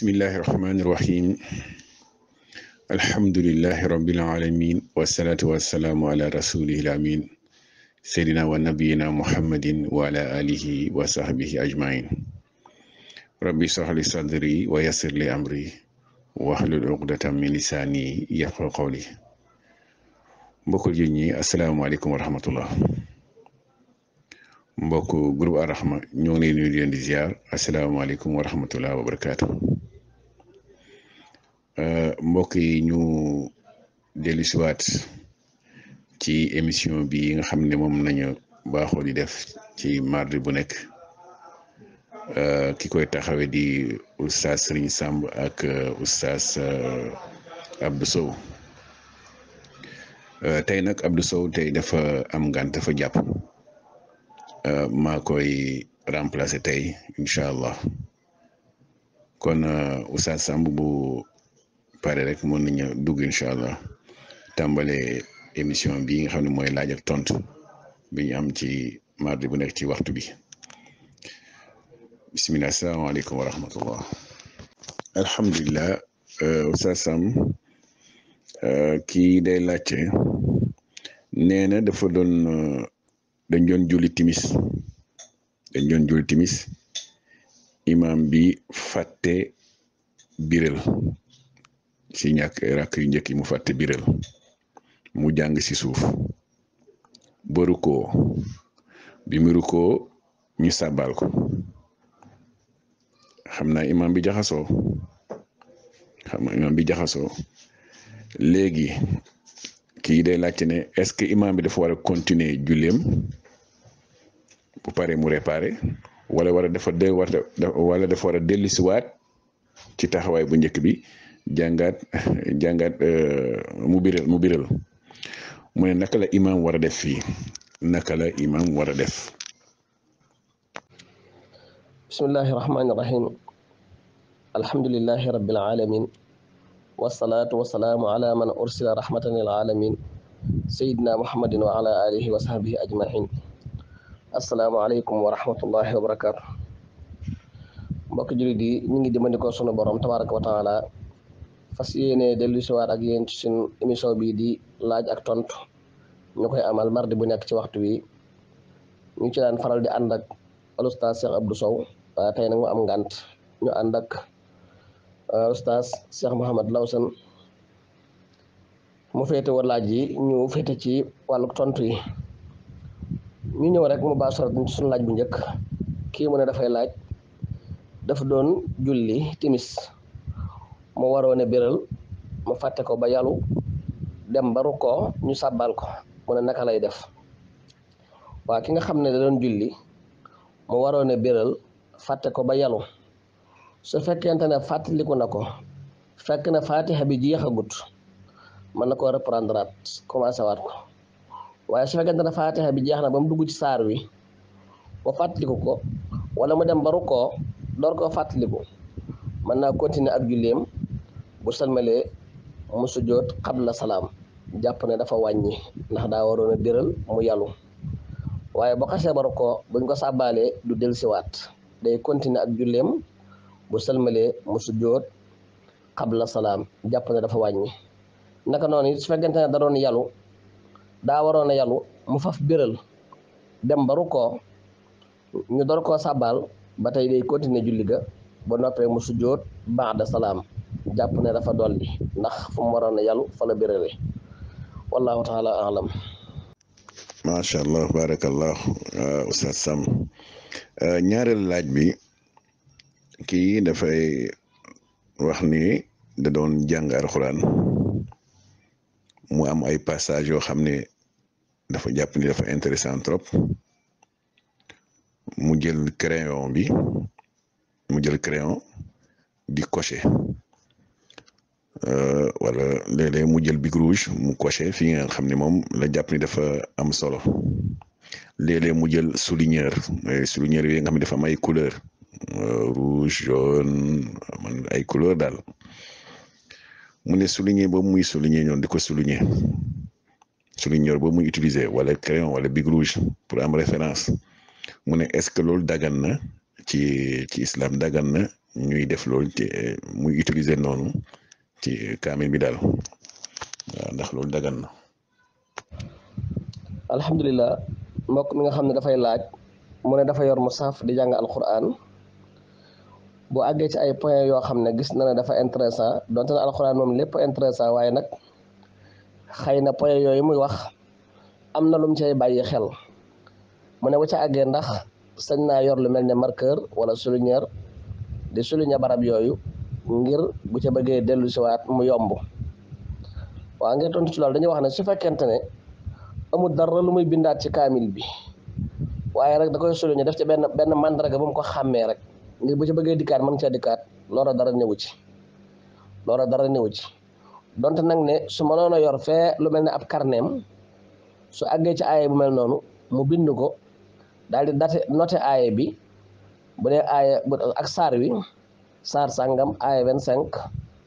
بسم الله الرحمن الرحيم الحمد لله رب العالمين والصلاة والسلام على رسوله الأمين سيدنا ونبينا محمد وعلى آله وصحبه أجمعين ربي سهل صدري ويسر لي أمري وحل العقدة من لساني يفقه قولي بكل جيني السلام عليكم ورحمة الله مبوكو جروب الرحمة نوني نوني زيار السلام عليكم ورحمة الله وبركاته Euh, mbokk yi ñu dellusiwaat ci émission bi nga xam ne moom nañu baaxoo di def ci mardi bu nekk euh, ki koy taxawe di oustaz Serigne Samb ak euh, oustaz Abdou Sow tey nag Abdou Sow tey dafa am ngànt dafa jàpp maa koy remplacer tey incha allah kon oustaz Samb bu pare rek moon mën nañu dug incha allah tàmbalee émission bi nga xam ne mooy laaj ak tontu bi ñu am ci mardi bu nekk ci waxtu bi bisimilah salaamaaleykum wa rahmatullah alhamdulilah euh, Oustaz Sam euh, kii day laajte nee na dafa doon euh, dañ doon julli timis dañ doon julli timis imam bi fàtte biral si ñàkk rakk yu njëkk yi mu fàtte biral mu jàng ci suuf ba bi mu rukkoo ñu sàbbaal ko xam naa imam bi jaxasoo xam naa imam bi jaxasoo léegi kii day laajte ne est-ce que imam bi dafa war a continuer julleem bu pare mu réparé wala war a dafa de war wala dafa ci taxawaay bu njëkk bi jangat jangat euh mubiril mubiril mune nakala imam wara def fi nakala imam wara def بسم الله الرحمن الرحيم الحمد لله رب العالمين والصلاة والسلام على من أرسل رحمة للعالمين سيدنا محمد وعلى آله وصحبه أجمعين السلام عليكم ورحمة الله وبركاته بك جريدي نيجي دي مانيكو تبارك وتعالى fas yene delu ci waat ak yéen ci sun émission bi di laaj ak tontu ñukoy amal mardi bu nekk ci waxtu wi ñu ci daan faral di ànd ak oustaz Cheikh Abdou Sow waaye tey nag mu am ngant ñu ànd ak euh, oustaz Cheikh mohammed Lawson mu fété woon laaj ñu fété ci walu tontu yi ñu ñew rek mu baax sorat ci suñu laaj bu ñëk ki mu ne fay laaj dafa doon julli timis mu waroon a mu fàtte ko ba yàllu dem ba rukkoo ñu sàbbal ko mu ne naka lay def waa ki nga xam ne da doon julli mu waroone a béral fàtte ko ba yàllu su fekkente ne fàttaliku na ko fekk na fatiha bi jeexagut mën na koo reprendre at commencé waat ko waaye su fekkente ne fatiha bi jeex na ba mu dugg ci saar wi mu fàttaliku ko wala mu dem ba rukkoo door koo fàttaliku mën naa continuer ak julleem bu salmalee mu sujjoot qabla salaam jàpp ne dafa wàññi ndax daa waroon a biral mu yàllu waaye bu xasee ba rukkoo buñ ko sàbbaalee du dellusiwaat day continuer ak julleem bu salmalee mu sujjoot qabla salaam jàpp ne dafa wàññi naka noonu su fekkente ne daroon doon daa waroon a yàllu mu faf bërël dem ba rukkoo ñu door koo ba tey day continuer julli ga ba noppee mu sujjoot ba'da salaam jàpp ne dafa dolli ndax fu mu waroon a yàllu fa la bérale wallahu taala alam macha allah barakallah oustaz uh, Sam uh, ñaareel laaj bi kii dafay wax ni da doon jàng alxuraan mu am ay passage yoo xam ne dafa jàpp ni dafa intéressant trop mu jël crayon bi mu jël crayon di coché Euh, wala léeg mu jël bic rouge mu coché fi nga xam ni moom la jàpp ni dafa am solo léeg mu jël souligneur souligneur yooyu nga xam ne dafa am ay couleur euh, rouge jaune man ay couleur daal mu ne souligner boobu muy souligner ñoo di ko souligner souligneur boobu muy utiliser wala crayon wala bic rouge pour am référence mu ne est-ce que loolu dagan na ci ci islam dagan na ñuy def loolu ci euh, muy utiliser noonu ci kamil bi dal ndax loolu dagan na alhamdullilah mbok mi nga xamne da fay laaj mo ne dafa yor musaf di jang alquran bu agge ci ay point yo xamne gis na da dafa intéressant donte alquran mom lepp intéressant waye nak xëy na point yooyu muy wax amna na lum cay baye xel mo ne wa ci agge ndax sañ na yor lu melne marqueur wala souligneur di souligner barab yoyu ngir bu ca bëggee dellu waat mu yomb waa ngir tontu ci loolu dañuy wax ne su fekkente ne amul dara lu muy bindaat ci kaamil bi waaye rek da koy solo ñu def ci benn benn mandarga bu mu ko xàmmee rek ngir bu ca bëggee dikkaat mën caa dikkaat loola dara newu ci loola dara newu ci donte nag ne su mënoon a yor fee lu mel ne ab carnet su àggee ci aaye bu mel noonu mu bind ko daal di date noté aaye bi bu dee aaye ak saar wi saar sàngam aaya 25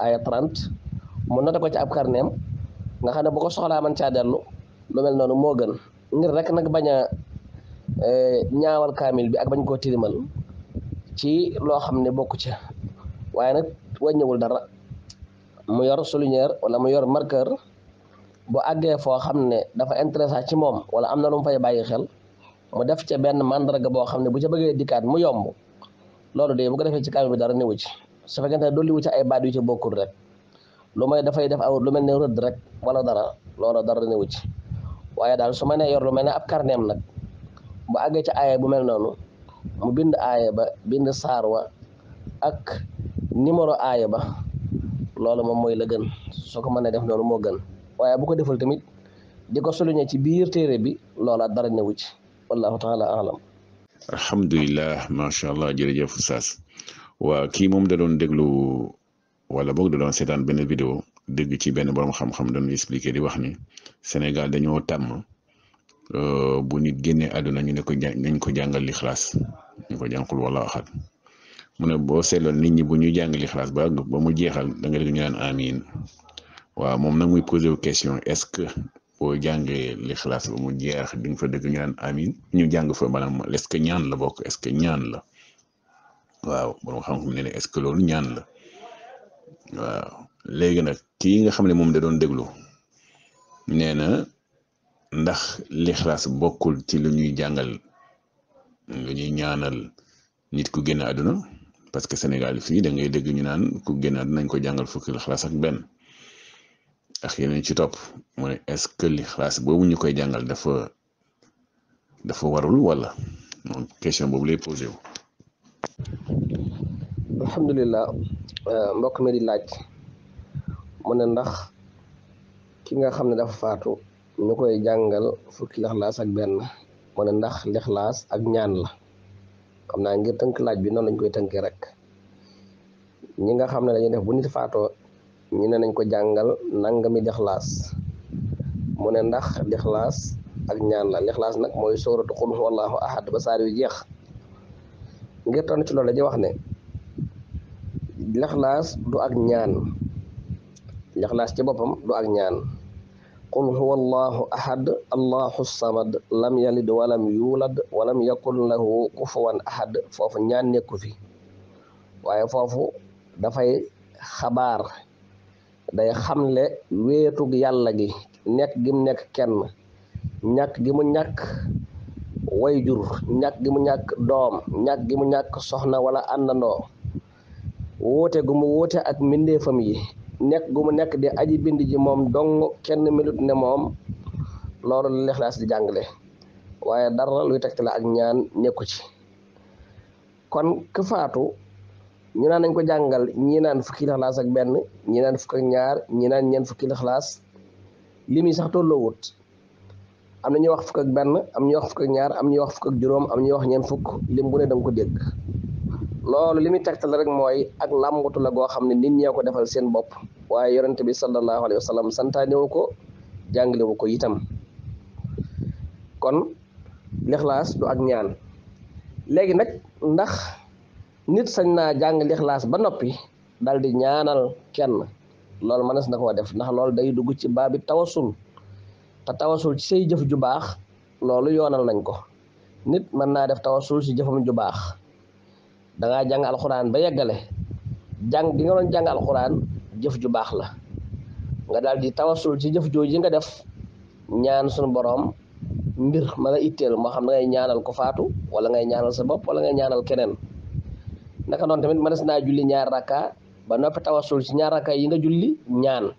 aaya 30 mu noté ko ci ab carnet nga xam ne boo ko soxlaa man caa dellu lu mel noonu moo gën ngir rek nag bañ a e, ñaawal kaamil bi ak bañ koo tilimal ci loo xam ne bokku ca waaye nag wàññiwul dara mu yor souligneur wala mu yor marqueur boo àggee foo xam ne dafa intéressant ci moom wala am na lu mu fay bàyyi xel mu def ca benn mandarga boo xam ne bu ca bëggee dikkaat mu yomb loolu de bu ko defee ci kaamil bi dara newu ci su fekkente ne dolliwu ci ay baat yu ci bokkul rek lu dafay def aw lu mel ne rëdd rek wala dara loolu dara newu ci waaye daal su ma nee yor lu mel ne ab karneem nag bu àggee ci aaya bu mel noonu mu bind aaya ba bind saar wa ak numéro aaya ba loolu moom mooy la gën soo ko mënee def noonu moo gën waaye bu ko deful tamit di ko souligner ci biir téere bi loola dara newu ci wallahu taala alam alhamdulilah macha allah jërëjëf sas waa kii moom da doon déglu wala boog da doon seetaan benn vidéo dégg ci benn borom xam-xam doon expliqué di wax ni Sénégal dañoo tàmm bu nit génne àdduna ñu ne ko nañ ko jàngal li xalaas ñu ko jànkul wala waxat mu ne boo seetloo nit ñi bu ñu jàng li xalaas ba ba mu jeexal da nga dégg ñu naan amin waaw moom nag muy posé question est-ce que boo jàngee li xalaas mu jeex di fa dëgg ñaan amin ñu jàng fa manam est ce ñaan la bokk est ce ñaan la waaw borom xam-xam ne ne est ce que loolu ñaan la waaw léegi nag kii nga xam ne moom da doon déglu nee na ndax li xalaas bokkul ci lu ñuy jàngal lu ñuy ñaanal nit ku génn àdduna parce que Sénégal fii da ngay dégg ñu naan ku génn àdduna nañ ko jàngal fukki li xalaas ak benn. ak yeneen ci topp mu ne est que li xalaas boobu ñu koy jàngal dafa dafa warul wala moom question boobu lay posé alhamdulilah euh, mbokk mi di laaj mu ne ndax ki nga xam ne dafa faatu ñu koy jàngal fukki lixlaas ak benn mu ne ndax lixlaas ak ñaan la xam naa ngir tënk laaj bi noonu lañ koy tënkee rek ñi nga xam ne dañuy def bu nit faatoo. ñu ne nañ ko jàngal nangami lixlaas mu ne ndax lixlaas ak ñaan la lixlaas nag mooy sóoratu xul wallahu ahad ba saar yu jeex ngir tontu ci loolu dañuy wax ne lixlaas du ak ñaan lixlaas ci boppam du ak ñaan qul huwa allahu ahad allahu samad lam yalid walam yulad walam yakun lahu kufuwan ahad fofu ñaan nekku fi waaye foofu dafay xabaar day xamle wéetug yàlla gi nekk gi mu nekk kenn ñàkk gi mu ñàkk wayjur ñàkk gi mu ñàkk doom ñàkk gi mu ñàkk soxna wala àndandoo wóote gu mu wóote ak mbindeefam yi nekk gu mu nekk di aji bind ji moom dong kenn melut ne moom loolu la Ixlaas di jàngale waaye dara luy tegtale ak ñaan nekku ci kon ku ñu naan nañ ko jàngal ñi naan fukki laxlaas ak benn ñi naan fukk ak ñaar ñi naan ñeent fukki laxlaas li muy sax tolloo wut am na ñu wax fukk ak benn am ñu wax fukk ak ñaar am ñu wax fukk ak juróom am ñu wax ñeent fukk lim bu ne da nga ko dégg loolu li muy tegtal rek mooy ak làmbatu la goo xam nit ñee ko defal seen bopp waaye bi sallallahu alayhi wa sallam santaanewu ko jàngalewu ko itam kon lixlaas du ak ñaan léegi nag ndax nit sañ na jang l'ikhlas ba nopi dal di ñaanal kenn loolu manes na koo def ndax lol day dugg ci baabi tawasul ta tawasul ci sey jëf ju bax loolu yonal nañ ko nit man na def tawasul ci jëfam ju da nga jang alquran ba yeggale jang gi nga doon jang alquran jëf ju bax la nga di tawasul ci jëf joji nga def ñaan sun borom mbir mala itel mo xam nga ñaanal ko faatu wala nga ñaanal sa bop wala nga ñaanal kenen naka non tamit manes na julli ñaar raka ba noppi tawasul ci ñaar raka yi nga julli ñaan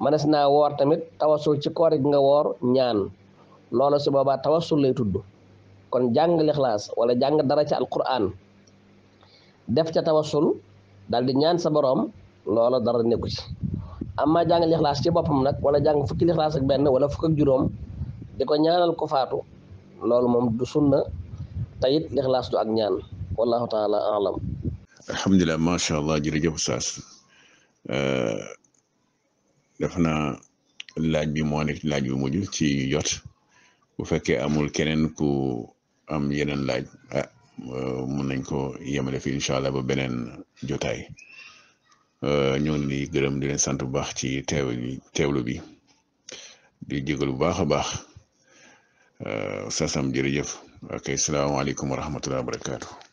manes na wor tamit tawasul ci koor gi nga wor ñaan loola su tawasul lay tuddu kon jang lixlaas wala jang dara ci alquran def ca tawassul dal di ñaan sa borom loola dara neeku ci amma jang lixlaas ci bopam nak wala jang fukki lixlaas ak ben wala fukk ak juróom diko ñaanal ko faatu loolu mom du sunna tayit lixlaas du ak ñaan والله تعالى اعلم الحمد لله ما شاء الله جرجب ساس دفنا لاج بي مو نيك لاج تي يوت بو امول كينن كو ام ينن لاج آه، مون نانكو يامل في ان شاء الله با بنين جوتاي ñoo ngi nuyu gërëm di leen sant bu baax ci teewlu teewlu bi di jégalu bu baax a baax sasam